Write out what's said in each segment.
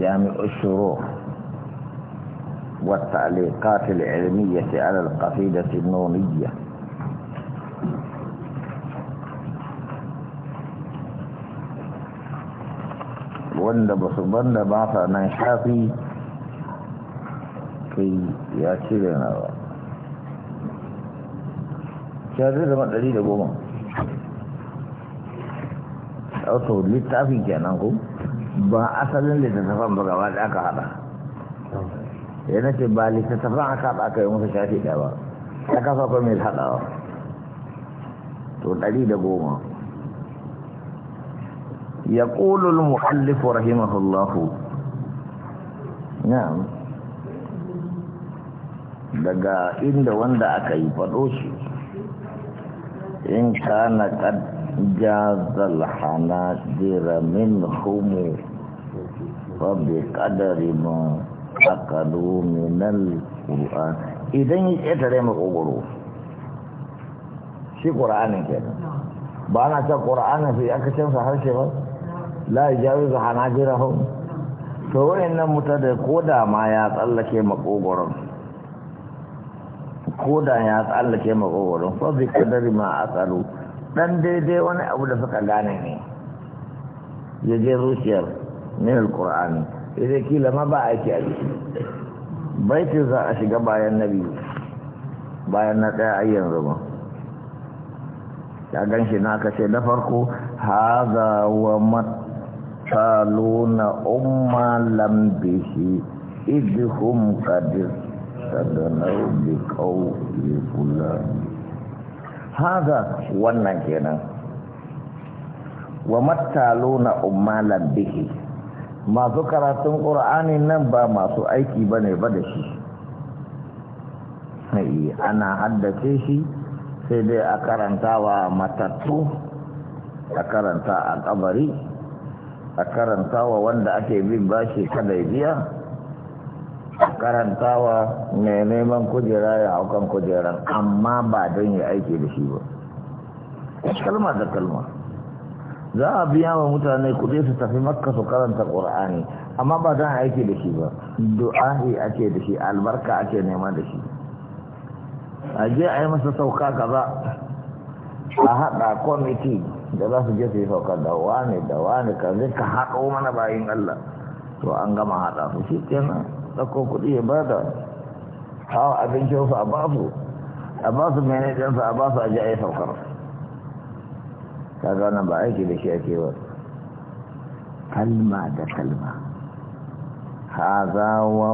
جامع الشروح والتعليقات العلمية على القصيدة النونية وندب صبند بعض نشاطي في ياتينا شاذ ما تريد أقوم أو تقول لي تعرفين كأنكم ba asalin littattafan ba gaba da aka haɗa ya nace ba littattafan aka haɗa aka yi musu shafi ɗaya ba ya kafa kwa mai haɗawa to ɗari da goma ya ƙulul muhallifu rahimahullahu na'am daga inda wanda aka yi faɗo shi in kana ƙad jazal hana jira min humu wa bi kadari ma akadu min al-Qur'an idan ya tare mu kokoro shi ke kenan ba na ta Qur'anin fi akacin sa harshe ba la jawi za hu to wannan muta da koda ma ya tsallake makogoron koda ya tsallake fa bi kadari ma akadu dan daidai wani abu da suka gane ne ya je zuciyar min alkur'ani ya kila ma ba aiki a jiki baiti za a shiga bayan na biyu bayan na ɗaya ayyan zama ya gan shi na kashe ce na farko haza wa na umma lambihi idhum qadir sadanau bi qawli fulani haza wannan kenan wa mattaluna ummalan bihi masu karatun ƙur'ani nan ba masu aiki bane ba da shi ana haddace shi sai dai a karanta wa matattu a karanta a kabari a karanta wa wanda ake bin bashi kada biya karantawa mai neman kujera ya haukan kujeran amma ba don ya aiki da shi ba kalma da kalma za a biya wa mutane kuɗi su tafi maka su karanta ƙur'ani amma ba don aiki da shi ba du'ahi ake da shi albarka ake nema da shi a je a yi masa sauka kaza a haɗa kwamiti da za su je su yi sauka da wani da wani ka zai ka haɗo mana bayin Allah to an gama haɗa su shi kenan ɗauko kuɗi ya bada hawa abincinsu a basu a basu menajinsu a basu a ji a yi saukar ta gane ba aiki da shi ake ba kalma da kalma Ha za wa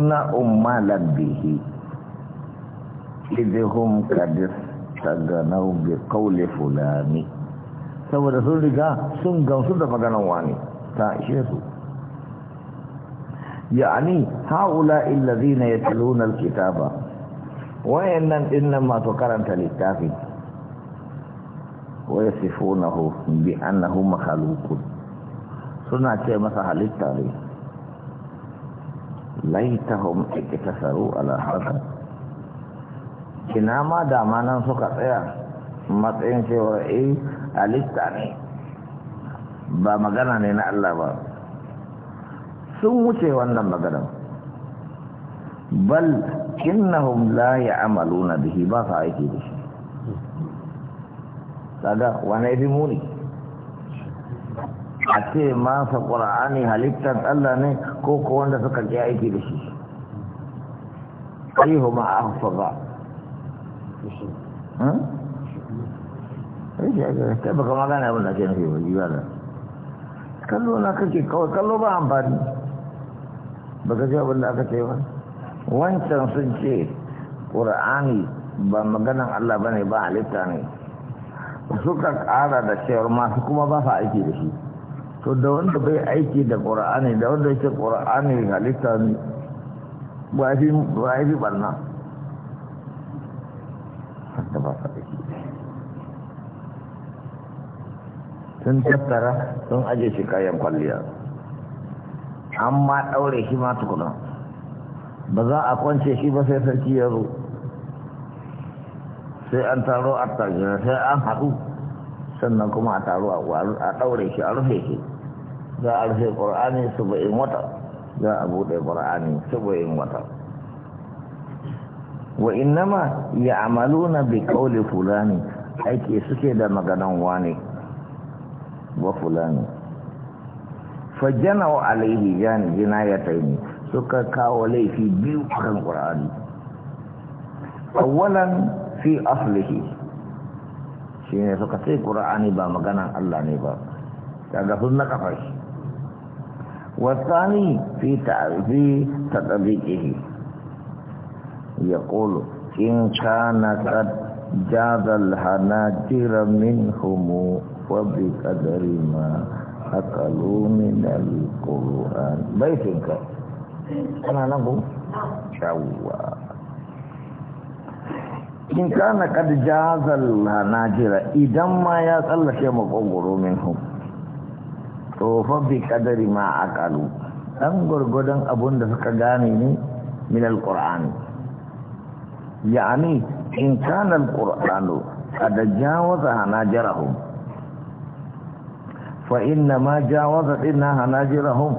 na ummalan bihi idihum kadis gana bi kaule fulani saboda sun riga sun gamsu da maganan wani ta ishe su يعني هؤلاء الذين يتلون الكتاب وإن إنما تقرنت للكافي ويصفونه بأنه مخلوق سنة مثل للتاريخ laitahum iktasaru ala harka kina ma da ma suka tsaya matsayin cewa eh halitta ne ba magana ne na Allah ba sun wuce wannan maganar bal innahum la ya'maluna bihi ba sa aiki da shi kaga wani bi muni a ce masa ƙura'ani halittar Allah ne ko ko wanda suka ƙi aiki da shi ƙarihu ma a hafaza ta baka magana abin da ke nufi ba jiwa da kallo na kake kawai kallo ba amfani ba ka ji da aka ce ba wancan sun ce ƙura'ani ba maganan Allah ba ne ba halitta ne suka ƙara da cewar masu kuma ba sa aiki da shi to da wanda bai aiki da ƙura'ani da wanda yake ƙura'ani halitta ne ba fi barna hatta ba sa aiki sun tattara sun aje shi kayan kwalliya an ma ɗaure shi ma tukuna ba za a kwance shi ba sai sarki ya zo sai an taro a tajira sai an haɗu sannan kuma a taro a ɗaure shi a rufe shi za a rufe ba in wata za a buɗe ba in wata wa innama ya na bi kauli fulani aiki suke da maganan wane wa fulani fajana wa alaihi jani jinayataini suka kawo laifi biyu kan qur'ani awalan fi aslihi shine suka ce qur'ani ba maganan Allah ne ba daga sunna kafar wasani fi ta'rifi tadbiqihi yaqulu in kana qad jaza al min minhum wa bi qadri ma Akalu أقلوا من القرآن بيتك nan go shawwa in kana kad jazal najira idan ma ya tsallake min hu to fa bi kadari ma akalu. dan gurgudan abun da suka gane ne min alquran yani in kana alqur'anu kad jawaza najirahum fa inna ma jawaza dinna hanajirahum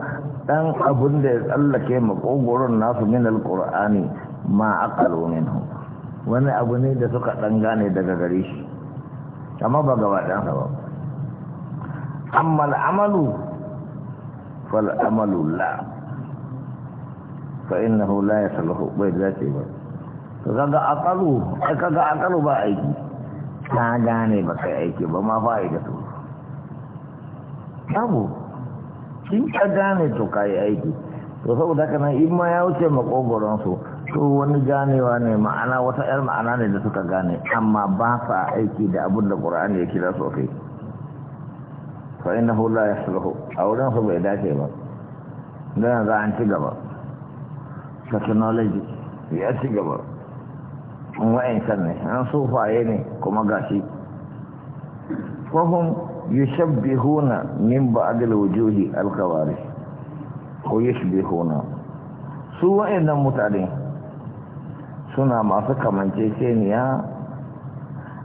dan abun da ya tsallake makogoron nasu min alqur'ani ma aqalu minhu wani abu ne da suka dan gane daga gare shi amma ba gaba dan ba amma al'amalu fal amalu la fa innahu la yasluhu bai zace ba kaga aqalu kaga aqalu ba aiki ka gane ba kai aiki ba ma fa'idatu samu in ka gane to ka yi aiki to saboda haka nan in ma ya wuce makogoronsu to wani ganewa ne ma'ana wata 'yar ma'ana ne da suka gane amma ba sa aiki da abin da ƙura'ani ya kira su kai fa inna hula ya sulhu a wurin su bai dace ba don za an ci gaba technology ya ci gaba wa'ancan ne an sufaye ne kuma gashi kwahun يشبهون من بعض الوجوه الخوارج ويشبهون su إذا متعدين سنة ما فكا من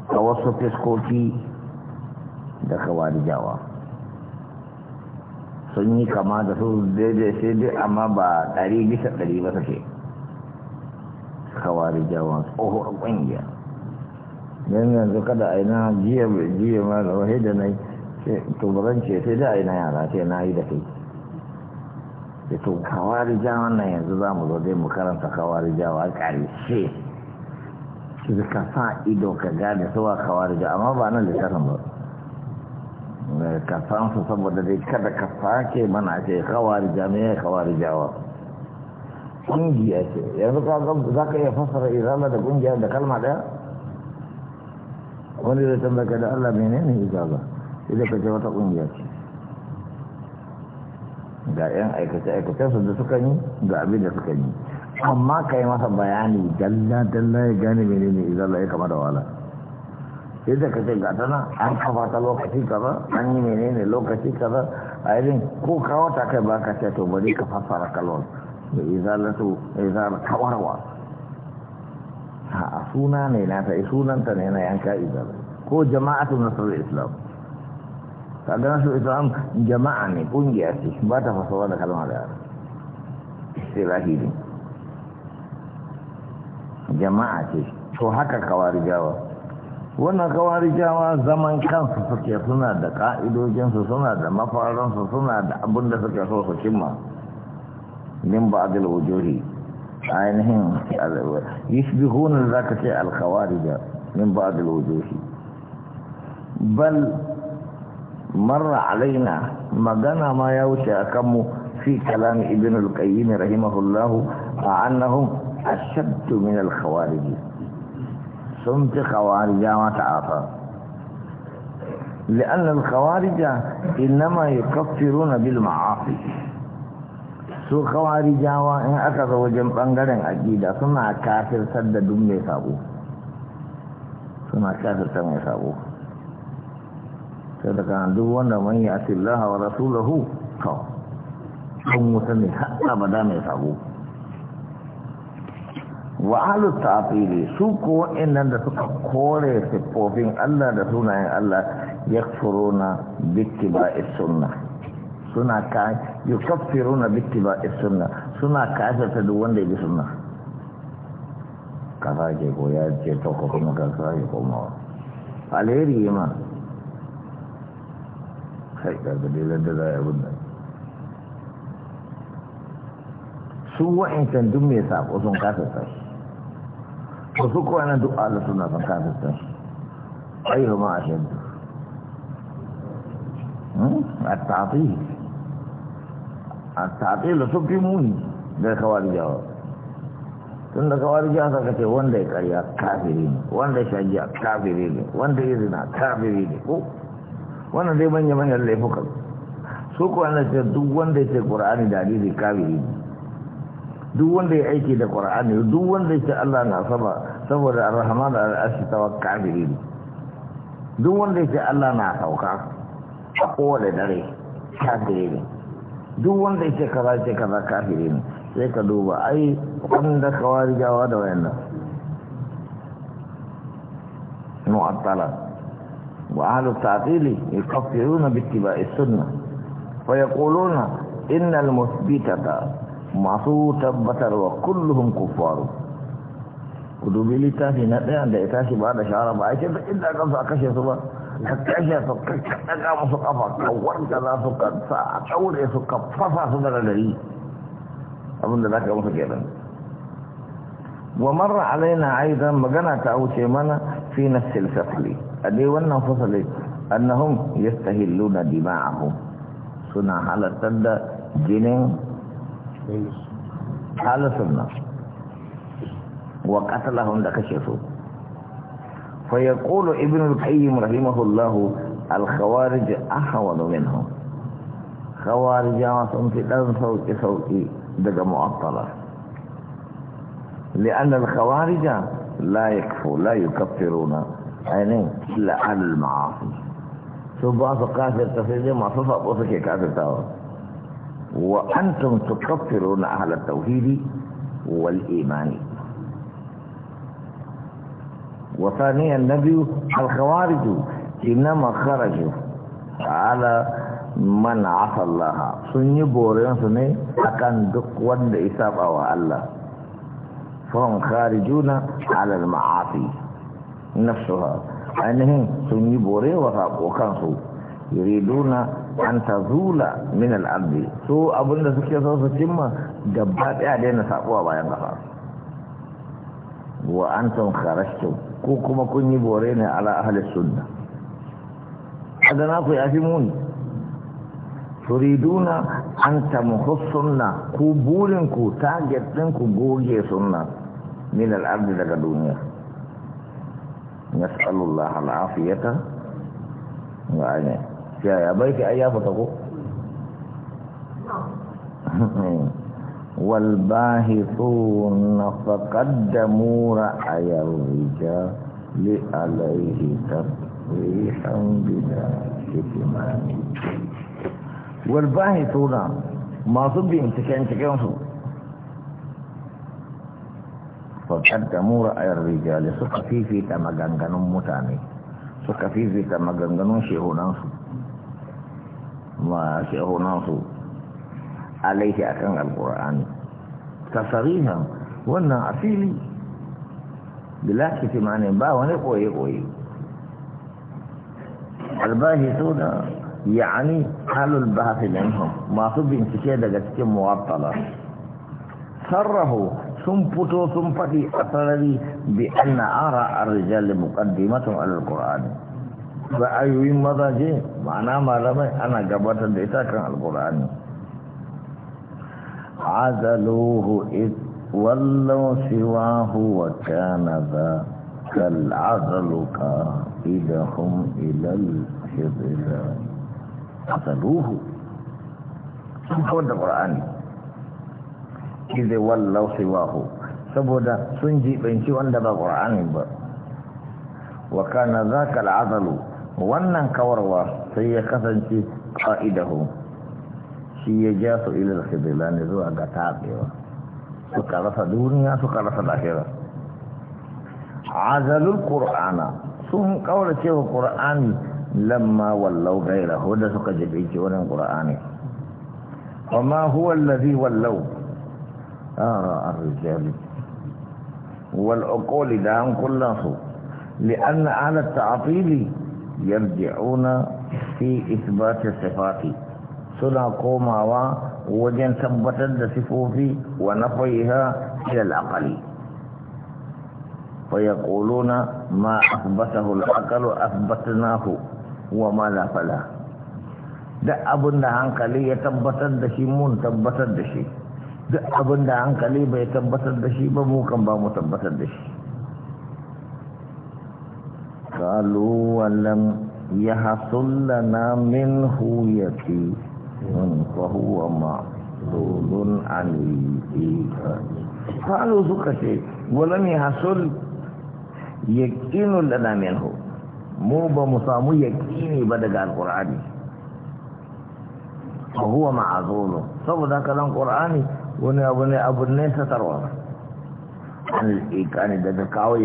a wasu تسكوتي da kawari jawa sun yi kama da su daidai sai dai amma ba ɗari bisa ɗari ba suke kawari jawa tsohuwar ƙungiya don yanzu kada a yi na jiya jiya da wahai da na yi to ba ce sai da yi na yara sai na yi da kai da to kawarija wannan yanzu za mu zo dai mu karanta kawarija wa ƙarshe shi ka sa ido ka gane kawari kawarija amma ba nan littafin ba eh, ka san su saboda dai kada ka sake mana ce kawarija me ya kawarijawa kungiya ce yanzu ka za ka iya fassara izala da ƙungiya da kalma daya wani zai tambaka da allah menene izala sai ka ce wata ƙungiya ce ga 'yan aikace-aikace su da suka yi ga abin da suka yi amma ka yi masa bayani dalla-dalla ya gane mene ne izala ya kama da wala yadda ka ce ga tana an kafa ta lokaci kaza an yi mene ne lokaci kaza a yi ko kawo ta kai ba ka ce to bari ka fassara kalon da izala to izala kawarwa a suna ne na ta sunanta ne na yanka izala ko jama'atu nasarar islam kaga nasu islam jama'a ne kungiya ce ba ta fasawa da kalma da istilahi ne jama'a ce to haka kawari jawa wannan kawari jawa zaman kansu suke suna da ka'idojinsu suna da mafaransu suna da abin da suke so su cimma min ba adil wujuhi ainihin yishbihuna zaka ce alkhawarija min ba adil wujuhi bal marra alaina magana ma ya wuce a kanmu fi kalam ibn al-qayyim rahimahullahu a annahum ashaddu min al-khawarij sun fi لأن الخوارج إنما يكفرون بالمعاصي su khawarijawa in aka ga wajen bangaren ثم suna سد دمي ثابو ثم sai daga duk wanda man yi atillaha wa rasulahu to kun wuta ne ba da mai sabo wa alu ta'fili su ko wa'annan da suka kore siffofin Allah da sunayen Allah bikki ba sunna suna ka bikki ba sunna suna kafirta duk wanda ya bi sunna kafa ke ko ya ce ta ko kuma kaza ke komawa alheri ma kai kaga dai da za a yi su wa'incan duk mai sako sun kasasta shi ko su kowa na duk ala suna sun kasasta shi ayyuka ma a shaidu a tafi a tafi da su hmm? fi muni da kawar jawa tun da kawar jawa saka ce wanda ya karya kafiri ne wanda ya shagiya kafiri ne wanda ya zina kafiri ne ko wannan zai manya manyan laifukan su ko ana ce duk wanda ce qurani da hadisi kafiri duk wanda ya aiki da Al-Qur'ani duk wanda ya ce Allah na saba saboda ar-rahman al-arshi tawa kafiri duk wanda ya ce Allah na sauka a kowane dare kafiri ne duk wanda ya ce kaza ce kaza kafiri ne sai ka duba ai wanda kawari jawa da wayannan mu'attala وأهل التعطيل يكفرون باتباع السنة ويقولون إن المثبتة masu tabbatarwa kulluhum kuffaru ku dubi littafi na ɗaya da ya tashi ba da shahara ba a ce da inda kansu a kashe su ba ka kashe su ka kaɗaga musu kafa ka warka za su ka a ɗaure su ka su daga gari abin da za ka musu magana ta wuce mana في نفس الفقه أدي وانا فصلت أنهم يستهلون دماءهم سنة حالة تد جنين حالة سنة وقتلهم لكشفوا فيقول ابن القيم رحمه الله الخوارج أحول منهم خوارج وصنف لن صوت صوتي دق معطلة لأن الخوارج la yakfu la yukaffiruna ainihin illa alul ma'asi su ba su sai masu sabo suke kafirtawa wa antum tukaffiruna ahlat tauhidi wal imani wa thaniyan nabiyyu al khawarij inma kharaju ala man asa Allah sun yi borensu ne akan duk wanda ya saba wa Allah fahim juna, alal ma'afi nafsuha ainihin sun yi bore wa sako kansu yuriduna an min al'adu. su abinda suke so su cimma gaba ɗaya daina sako a bayan kafa wa antum kharajtum ko kuma kun yi bore ne ala ahli sunna adana ku yafi muni تريدون أن تمخصنا قبولنكو تاجتنكو قولي سنة من الأرض لك الدنيا نسأل الله العافية يعني يا بيك أيها فتقو والباهثون فقدموا رأي الرجال عليه تطويحا بذلك ما والباهتون masu binciken cikinsu fakaddamu ra'ayar rijali suka fifita maganganun mutane suka fifita maganganun shehunansu ma shehunansu alaihi akan alkur'ani tasarihan wannan asili bila ne, ba wani koye-koye albahi so da يعني حال الباطل عنهم ما في انتكي دغا تكي موطلا سره ثم فتو ثم بان ارى الرجال مقدمه على القران فايوين ماذا جي معنى ما لم انا قبضت ديتا كان القران عزلوه اذ ولوا سواه وكان ذا كالعزل كائدهم الى الحضران asaluhu sun kawar da ƙura'ani ize wallau siwahu saboda sun jiɓanci wanda ba ƙura'ani ba wa kana za ka al'azalu wannan kawarwa sai ya kasance ƙa'idahu shi ya ja su ilar ne zuwa ga taɓewa suka rasa duniya suka rasa a azalul ƙura'ana sun ƙaurace wa ƙura'ani لما ولوا غيره هذا سقط الإجوان القرآني وما هو الذي ولوا آراء الرجال والعقول دعم كله لأن على التعطيل يرجعون في إثبات الصفات سنا قوما وجن ثبت الصفوف ونفيها إلى الأقل فيقولون ما أثبته العقل أثبتناه wa ma la fala duk abin da hankali ya tabbatar da shi mun tabbatar da shi duk abin da hankali bai tabbatar da shi ba mu kan ba mu tabbatar da shi qalu wa lam yahsul lana minhu in wa huwa ma'lulun an yi qalu suka ce wa ya yahsul yaqinu lana minhu mu ba mu samu yaƙini ba daga alƙur'ani fa huwa ma'azulu saboda kalan qur'ani wani abu ne abu ne ta tarwa an ikani daga kawo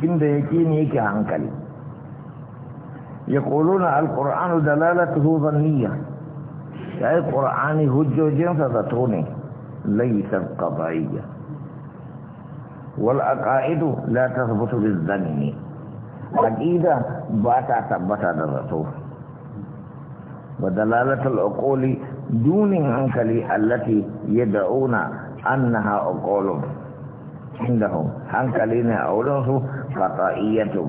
kin da yaƙini yake hankali yaquluna alqur'anu dalalatuhu dhanniyya sai qur'ani hujjojinsa zato ne laysa qada'iyya wal aqaidu la tathbutu aqida ba ta tabbata da zato wa dalalatul aqoli dunin hankali allati yad'una annaha uqulun indahum hankali ne a wurin su qata'iyatu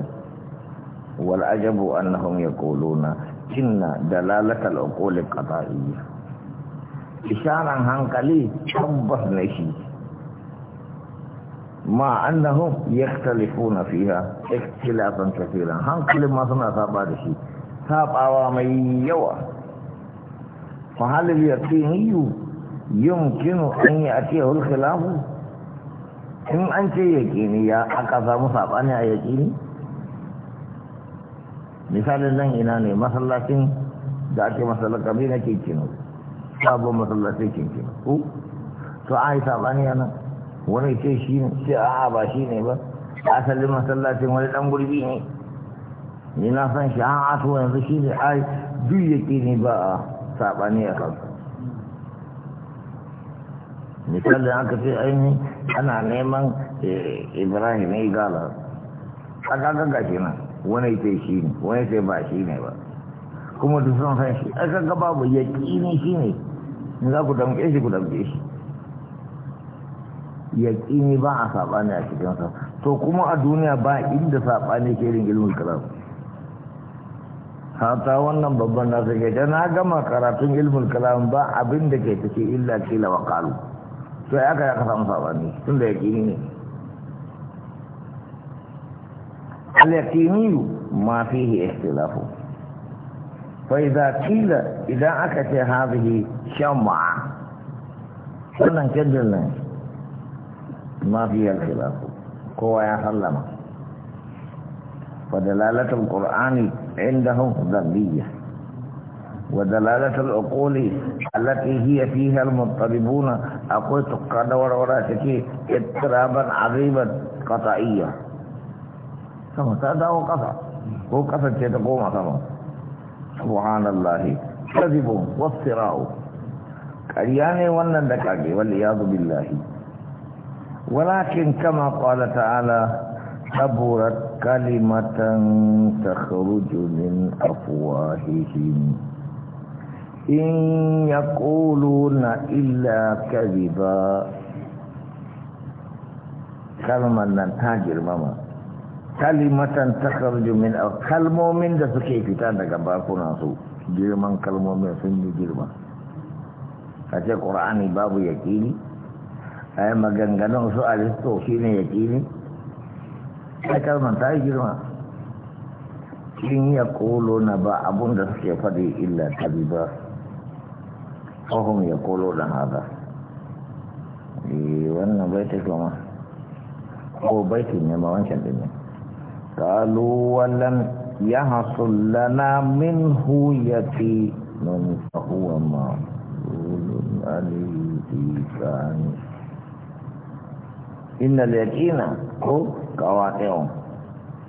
wal ajabu annahum yaquluna inna dalalatul aqoli qata'iyya isharan hankali tabbas ne shi ma annahum yaktalifuna fiha ikhtilafan kaseeran hankalin ma suna saba da shi sabawa mai yawa fa hal yaqini yumkinu an ya'tiyahu al-khilaf in an ce yaqini ya aka samu sabani a yaqini misalin nan ina ne masallacin da ake masallar bi na kinkinu sabon masallacin kinkinu ko to ai sabani yana wani ce shi ne ce a a ba shi ne ba asalin masallacin wani dan gurbi ne ni na san shi an ato yanzu shi ne ai duk yake ne ba a saɓani a kansu misalin aka ce ainihin ana neman eh, ibrahim ya gala a kagaga shi nan wani ce shi ne wani ce ba shi ne ba kuma duk sun san shi aka ga babu yaki ne shi ne za ku damke shi ku damke shi yaƙini ba a saɓani a cikinsa to kuma a duniya ba inda saɓani ke irin ilmin kalam hata wannan babban na ke ta na gama karatun ilmin kalam ba abin da ke take illa kila wa kalu ya aka ya samu saɓani tun da yaƙini ne al ma fihi ikhtilafu fa idza qila idan aka ce hadhihi sham'a wannan kajin nan ما فيها الخلاف قوة يا سلم فدلالة القرآن عندهم ذنبية ودلالة العقول التي هي فيها المضطربون أقول تقاد وروراتك اضطرابا عظيما قطعيا ثم تدعو قطع هو تقوم ثم سبحان الله كذبوا وافتراء قرياني ونندكاكي دكاكي والعياذ بالله ولكن كما قال تعالى كبرت كلمة تخرج من أفواههم إن يقولون إلا كذبا كلمة تاجر ماما كلمة تخرج من أفواههم كلمومين ده سكي فتان ده كباكونا سو جرمان كلمومين سنجي جرمان هذا القرآن باب يكيني ai maganganun su to shi ne ya ƙini ai kalman ta yi girma kin ya kolo na ba abun da suke faɗi illa tabi ba fahim ya kolo da haɗa eh, wannan bai ta kuma ko baitin ne ma wancan ɗin ne قالوا ولم min لنا منه يتي من ma معقول عليه في كانه inna yakina ko qawati'un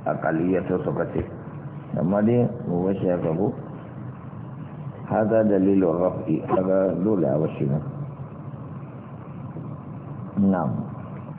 aqaliyatu sukati amma dai mu wace ya gabo haza dalilin raf'i daga dole a washi na na